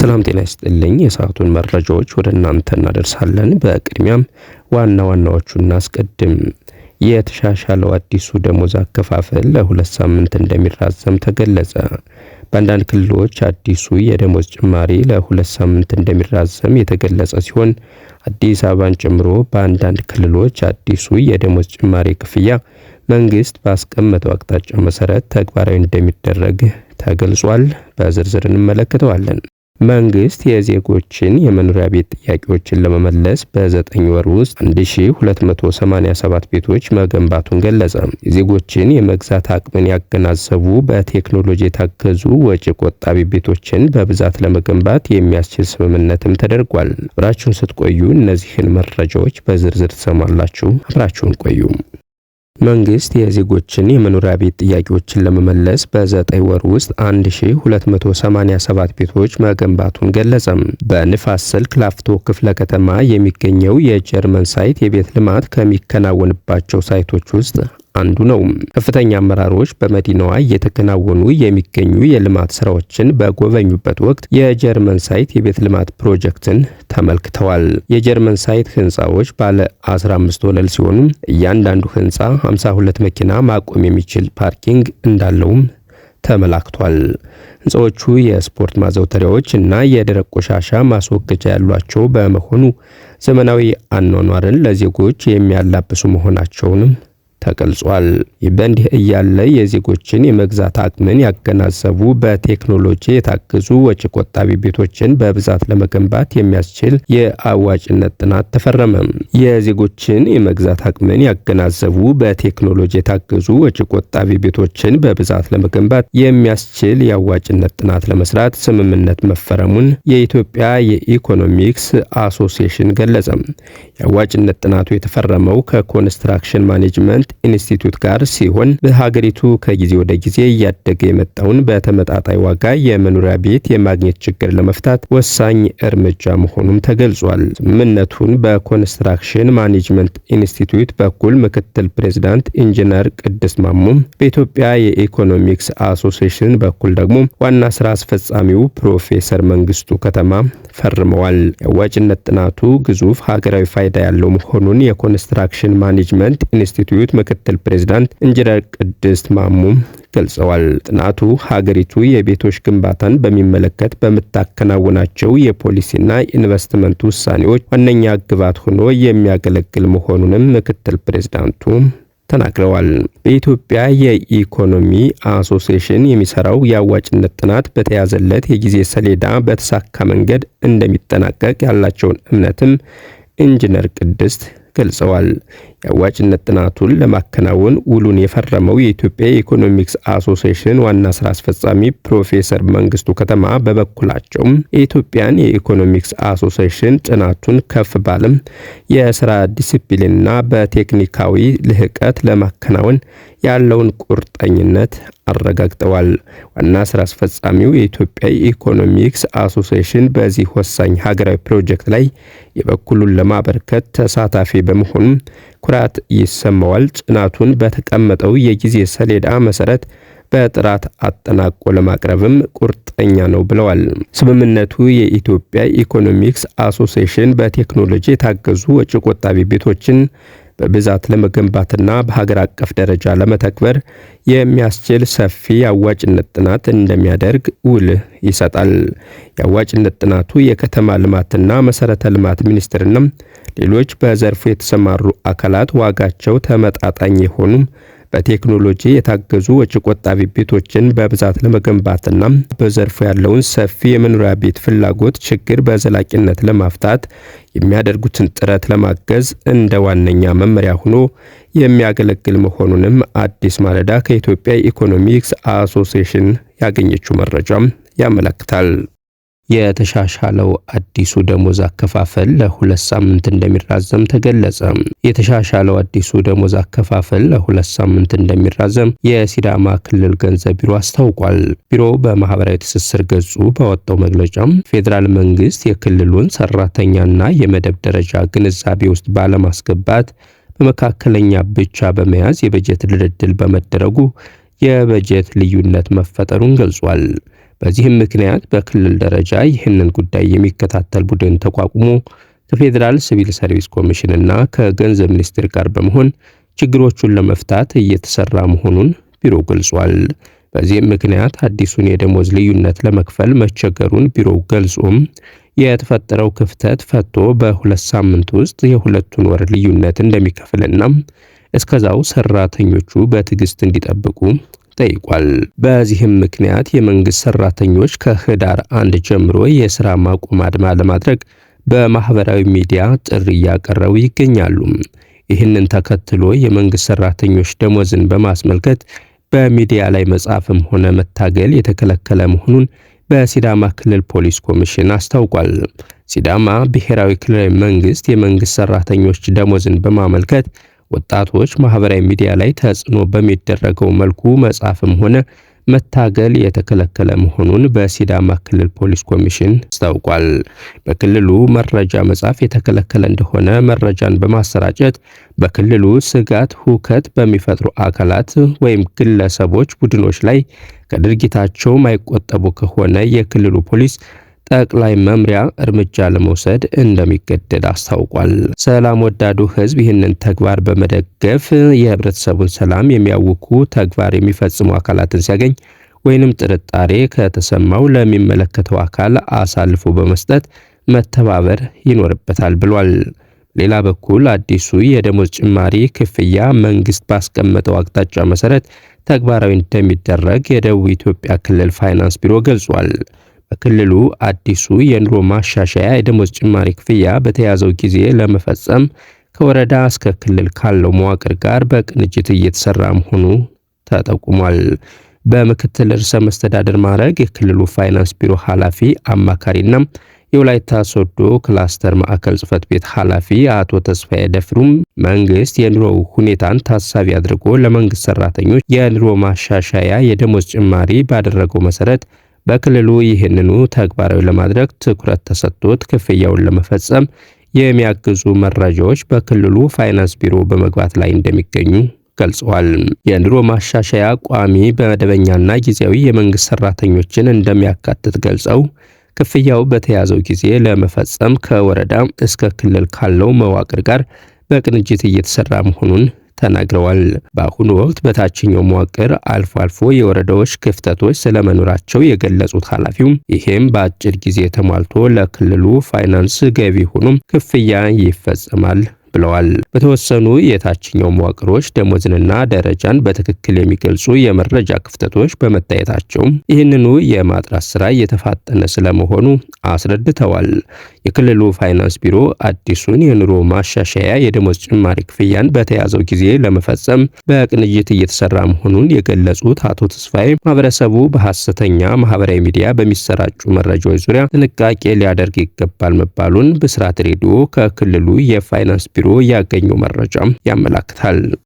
ሰላም ጤና ይስጥልኝ። የሰዓቱን መረጃዎች ወደ እናንተ እናደርሳለን። በቅድሚያም ዋና ዋናዎቹ እናስቀድም። የተሻሻለው አዲሱ ደሞዝ አከፋፈል ለሁለት ሳምንት እንደሚራዘም ተገለጸ። በአንዳንድ ክልሎች አዲሱ የደሞዝ ጭማሪ ለሁለት ሳምንት እንደሚራዘም የተገለጸ ሲሆን አዲስ አበባን ጨምሮ በአንዳንድ ክልሎች አዲሱ የደሞዝ ጭማሪ ክፍያ መንግስት ባስቀመጠው አቅጣጫ መሰረት ተግባራዊ እንደሚደረግ ተገልጿል። በዝርዝር እንመለከተዋለን። መንግስት የዜጎችን የመኖሪያ ቤት ጥያቄዎችን ለመመለስ በዘጠኝ ወር ውስጥ 1287 ቤቶች መገንባቱን ገለጸ። የዜጎችን የመግዛት አቅምን ያገናዘቡ በቴክኖሎጂ የታገዙ ወጪ ቆጣቢ ቤቶችን በብዛት ለመገንባት የሚያስችል ስምምነትም ተደርጓል። አብራችሁን ስትቆዩ እነዚህን መረጃዎች በዝርዝር ትሰማላችሁ። አብራችሁን ቆዩ። መንግስት የዜጎችን የመኖሪያ ቤት ጥያቄዎችን ለመመለስ በዘጠኝ ወር ውስጥ 1287 ቤቶች መገንባቱን ገለጸም። በንፋስ ስልክ ላፍቶ ክፍለ ከተማ የሚገኘው የጀርመን ሳይት የቤት ልማት ከሚከናወንባቸው ሳይቶች ውስጥ አንዱ ነው። ከፍተኛ አመራሮች በመዲናዋ እየተከናወኑ የሚገኙ የልማት ስራዎችን በጎበኙበት ወቅት የጀርመን ሳይት የቤት ልማት ፕሮጀክትን ተመልክተዋል። የጀርመን ሳይት ህንፃዎች ባለ 15 ወለል ሲሆኑ እያንዳንዱ ህንፃ 52 መኪና ማቆም የሚችል ፓርኪንግ እንዳለውም ተመላክቷል። ህንፃዎቹ የስፖርት ማዘውተሪያዎች እና የደረቅ ቆሻሻ ማስወገጃ ያሏቸው በመሆኑ ዘመናዊ አኗኗርን ለዜጎች የሚያላብሱ መሆናቸውንም ተገልጿል። ይህ በእንዲህ እያለ የዜጎችን የመግዛት አቅምን ያገናዘቡ በቴክኖሎጂ የታገዙ ወጪ ቆጣቢ ቤቶችን በብዛት ለመገንባት የሚያስችል የአዋጭነት ጥናት ተፈረመ። የዜጎችን የመግዛት አቅምን ያገናዘቡ በቴክኖሎጂ የታገዙ ወጪ ቆጣቢ ቤቶችን በብዛት ለመገንባት የሚያስችል የአዋጭነት ጥናት ለመስራት ስምምነት መፈረሙን የኢትዮጵያ የኢኮኖሚክስ አሶሲሽን ገለጸ። የአዋጭነት ጥናቱ የተፈረመው ከኮንስትራክሽን ማኔጅመንት ኢንስቲትዩት ጋር ሲሆን በሀገሪቱ ከጊዜ ወደ ጊዜ እያደገ የመጣውን በተመጣጣኝ ዋጋ የመኖሪያ ቤት የማግኘት ችግር ለመፍታት ወሳኝ እርምጃ መሆኑም ተገልጿል። ስምምነቱን በኮንስትራክሽን ማኔጅመንት ኢንስቲትዩት በኩል ምክትል ፕሬዚዳንት ኢንጂነር ቅድስ ማሙም በኢትዮጵያ የኢኮኖሚክስ አሶሲሽን በኩል ደግሞ ዋና ስራ አስፈጻሚው ፕሮፌሰር መንግስቱ ከተማ ፈርመዋል። የአዋጭነት ጥናቱ ግዙፍ ሀገራዊ ፋይዳ ያለው መሆኑን የኮንስትራክሽን ማኔጅመንት ኢንስቲትዩት ምክትል ፕሬዚዳንት ኢንጂነር ቅድስት ማሙም ገልጸዋል። ጥናቱ ሀገሪቱ የቤቶች ግንባታን በሚመለከት በምታከናውናቸው የፖሊሲና ኢንቨስትመንት ውሳኔዎች ዋነኛ ግብዓት ሆኖ የሚያገለግል መሆኑንም ምክትል ፕሬዚዳንቱ ተናግረዋል። በኢትዮጵያ የኢኮኖሚ አሶሲሽን የሚሰራው የአዋጭነት ጥናት በተያዘለት የጊዜ ሰሌዳ በተሳካ መንገድ እንደሚጠናቀቅ ያላቸውን እምነትም ኢንጂነር ቅድስት ገልጸዋል። የአዋጭነት ጥናቱን ለማከናወን ውሉን የፈረመው የኢትዮጵያ የኢኮኖሚክስ አሶሴሽን ዋና ስራ አስፈጻሚ ፕሮፌሰር መንግስቱ ከተማ በበኩላቸውም የኢትዮጵያን የኢኮኖሚክስ አሶሴሽን ጥናቱን ከፍ ባለም የስራ ዲሲፕሊንና በቴክኒካዊ ልህቀት ለማከናወን ያለውን ቁርጠኝነት አረጋግጠዋል። ዋና ስራ አስፈጻሚው የኢትዮጵያ ኢኮኖሚክስ አሶሴሽን በዚህ ወሳኝ ሀገራዊ ፕሮጀክት ላይ የበኩሉን ለማበርከት ተሳታፊ በመሆኑም ኩራት ይሰማዋል። ጽናቱን በተቀመጠው የጊዜ ሰሌዳ መሰረት በጥራት አጠናቆ ለማቅረብም ቁርጠኛ ነው ብለዋል። ስምምነቱ የኢትዮጵያ ኢኮኖሚክስ አሶሲዬሽን በቴክኖሎጂ የታገዙ ወጪ ቆጣቢ ቤቶችን በብዛት ለመገንባትና በሀገር አቀፍ ደረጃ ለመተግበር የሚያስችል ሰፊ የአዋጭነት ጥናት እንደሚያደርግ ውል ይሰጣል። የአዋጭነት ጥናቱ የከተማ ልማትና መሰረተ ልማት ሚኒስቴርና ሌሎች በዘርፉ የተሰማሩ አካላት ዋጋቸው ተመጣጣኝ የሆኑ በቴክኖሎጂ የታገዙ ወጪ ቆጣቢ ቤቶችን በብዛት ለመገንባትና በዘርፉ ያለውን ሰፊ የመኖሪያ ቤት ፍላጎት ችግር በዘላቂነት ለማፍታት የሚያደርጉትን ጥረት ለማገዝ እንደ ዋነኛ መመሪያ ሆኖ የሚያገለግል መሆኑንም አዲስ ማለዳ ከኢትዮጵያ ኢኮኖሚክስ አሶሲሽን ያገኘችው መረጃም ያመለክታል። የተሻሻለው አዲሱ ደሞዝ አከፋፈል ለሁለት ሳምንት እንደሚራዘም ተገለጸ። የተሻሻለው አዲሱ ደሞዝ አከፋፈል ለሁለት ሳምንት እንደሚራዘም የሲዳማ ክልል ገንዘብ ቢሮ አስታውቋል። ቢሮው በማህበራዊ ትስስር ገጹ ባወጣው መግለጫም ፌዴራል መንግስት የክልሉን ሰራተኛና የመደብ ደረጃ ግንዛቤ ውስጥ ባለማስገባት በመካከለኛ ብቻ በመያዝ የበጀት ድልድል በመደረጉ የበጀት ልዩነት መፈጠሩን ገልጿል። በዚህም ምክንያት በክልል ደረጃ ይህንን ጉዳይ የሚከታተል ቡድን ተቋቁሞ ከፌዴራል ሲቪል ሰርቪስ ኮሚሽን እና ከገንዘብ ሚኒስቴር ጋር በመሆን ችግሮቹን ለመፍታት እየተሰራ መሆኑን ቢሮ ገልጿል። በዚህም ምክንያት አዲሱን የደሞዝ ልዩነት ለመክፈል መቸገሩን ቢሮው ገልጾም የተፈጠረው ክፍተት ፈቶ በሁለት ሳምንት ውስጥ የሁለቱን ወር ልዩነት እንደሚከፍልና እስከዛው ሰራተኞቹ በትዕግስት እንዲጠብቁ ጠይቋል። በዚህም ምክንያት የመንግስት ሰራተኞች ከህዳር አንድ ጀምሮ የስራ ማቆም አድማ ለማድረግ በማህበራዊ ሚዲያ ጥሪ እያቀረቡ ይገኛሉ። ይህንን ተከትሎ የመንግስት ሰራተኞች ደሞዝን በማስመልከት በሚዲያ ላይ መጻፍም ሆነ መታገል የተከለከለ መሆኑን በሲዳማ ክልል ፖሊስ ኮሚሽን አስታውቋል። ሲዳማ ብሔራዊ ክልላዊ መንግስት የመንግስት ሰራተኞች ደሞዝን በማመልከት ወጣቶች ማህበራዊ ሚዲያ ላይ ተጽዕኖ በሚደረገው መልኩ መጻፍም ሆነ መታገል የተከለከለ መሆኑን በሲዳማ ክልል ፖሊስ ኮሚሽን አስታውቋል። በክልሉ መረጃ መጻፍ የተከለከለ እንደሆነ መረጃን በማሰራጨት በክልሉ ስጋት፣ ሁከት በሚፈጥሩ አካላት ወይም ግለሰቦች፣ ቡድኖች ላይ ከድርጊታቸው ማይቆጠቡ ከሆነ የክልሉ ፖሊስ ጠቅላይ መምሪያ እርምጃ ለመውሰድ እንደሚገደድ አስታውቋል። ሰላም ወዳዱ ህዝብ ይህንን ተግባር በመደገፍ የህብረተሰቡን ሰላም የሚያውኩ ተግባር የሚፈጽሙ አካላትን ሲያገኝ ወይንም ጥርጣሬ ከተሰማው ለሚመለከተው አካል አሳልፎ በመስጠት መተባበር ይኖርበታል ብሏል። ሌላ በኩል አዲሱ የደሞዝ ጭማሪ ክፍያ መንግስት ባስቀመጠው አቅጣጫ መሰረት ተግባራዊ እንደሚደረግ የደቡብ ኢትዮጵያ ክልል ፋይናንስ ቢሮ ገልጿል። በክልሉ አዲሱ የኑሮ ማሻሻያ የደሞዝ ጭማሪ ክፍያ በተያዘው ጊዜ ለመፈጸም ከወረዳ እስከ ክልል ካለው መዋቅር ጋር በቅንጅት እየተሰራ መሆኑ ተጠቁሟል። በምክትል ርዕሰ መስተዳደር ማዕረግ የክልሉ ፋይናንስ ቢሮ ኃላፊ አማካሪና የወላይታ ሶዶ ክላስተር ማዕከል ጽህፈት ቤት ኃላፊ አቶ ተስፋዬ ደፍሩም መንግስት የኑሮ ሁኔታን ታሳቢ አድርጎ ለመንግስት ሰራተኞች የኑሮ ማሻሻያ የደሞዝ ጭማሪ ባደረገው መሰረት በክልሉ ይህንኑ ተግባራዊ ለማድረግ ትኩረት ተሰጥቶት ክፍያውን ለመፈጸም የሚያግዙ መረጃዎች በክልሉ ፋይናንስ ቢሮ በመግባት ላይ እንደሚገኙ ገልጸዋል። የኑሮ ማሻሻያ ቋሚ በመደበኛና ጊዜያዊ የመንግስት ሰራተኞችን እንደሚያካትት ገልጸው ክፍያው በተያዘው ጊዜ ለመፈጸም ከወረዳ እስከ ክልል ካለው መዋቅር ጋር በቅንጅት እየተሰራ መሆኑን ተናግረዋል። በአሁኑ ወቅት በታችኛው መዋቅር አልፎ አልፎ የወረዳዎች ክፍተቶች ስለመኖራቸው የገለጹት ኃላፊው ይህም በአጭር ጊዜ ተሟልቶ ለክልሉ ፋይናንስ ገቢ ሆኖም ክፍያ ይፈጸማል ብለዋል። በተወሰኑ የታችኛው መዋቅሮች ደሞዝንና ደረጃን በትክክል የሚገልጹ የመረጃ ክፍተቶች በመታየታቸውም ይህንኑ የማጥራት ስራ እየተፋጠነ ስለመሆኑ አስረድተዋል። የክልሉ ፋይናንስ ቢሮ አዲሱን የኑሮ ማሻሻያ የደሞዝ ጭማሪ ክፍያን በተያዘው ጊዜ ለመፈጸም በቅንጅት እየተሰራ መሆኑን የገለጹት አቶ ተስፋዬ ማህበረሰቡ በሐሰተኛ ማህበራዊ ሚዲያ በሚሰራጩ መረጃዎች ዙሪያ ጥንቃቄ ሊያደርግ ይገባል መባሉን ብስራት ሬዲዮ ከክልሉ የፋይናንስ ቢሮ ቢሮ ያገኘው መረጃም ያመላክታል።